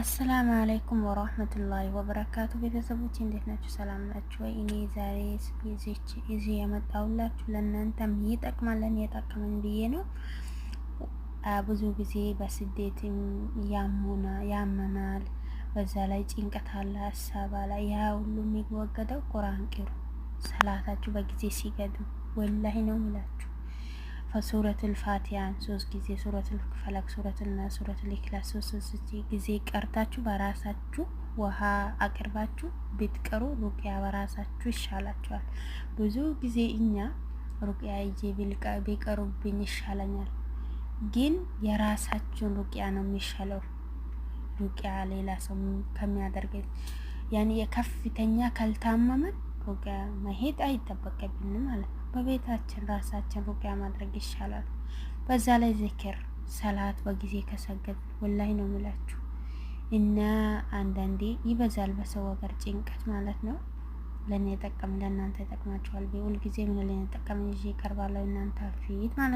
አሰላም አለይኩም ወራህመቱላሂ ወበረካቱ ቤተሰቦች እንዴት ናችሁ? ሰላም ናችሁ ወይ? እኔ ዛሬ ይዤ የመጣሁላችሁ ለእናንተም ይጠቅማለን የጠቀመን ብዬ ነው። ብዙ ጊዜ በስደት ያመናል፣ በዛ ላይ ጭንቀት አለ፣ ሀሳብ አለ። ያ ሁሉ የሚወገደው ቁርአን ቂሩ ሰላታችሁ በጊዜ ሲገዱ ወላሂ ነው ምላችሁ ከሱረቱል ፋቲያን ሶስት ጊዜ ሱረቱል ፈለክ፣ ሱረቱል ናስ፣ ኢክላስ ሶስት ጊዜ ቀርታችሁ በራሳችሁ ውሃ አቅርባችሁ ብትቀሩ ሩቅያ በራሳችሁ ይሻላችኋል። ብዙ ጊዜ እኛ ሩቅያ ይዤ ቢቀሩብኝ ይሻለኛል፣ ግን የራሳችሁን ሩቅያ ነው የሚሻለው። ሩቅያ ሌላ ሰው ከሚያደርገኝ ያኔ የከፍተኛ ካልታመመን ሩቅያ መሄድ አይጠበቅብንም ማለት ነው። በቤታችን ራሳችን ሩቅያ ማድረግ ይሻላል። በዛ ላይ ዝክር ሰላት በጊዜ ከሰገድ ወላይ ነው ምላችሁ እና አንዳንዴ ይበዛል በሰው ሀገር ጭንቀት ማለት ነው። ለእኔ ጠቀም ለእናንተ ይጠቅማችኋል። ሁልጊዜ ምን ላይ ጠቀም ይቀርባለሁ እናንተ ፊት ማለት ነው።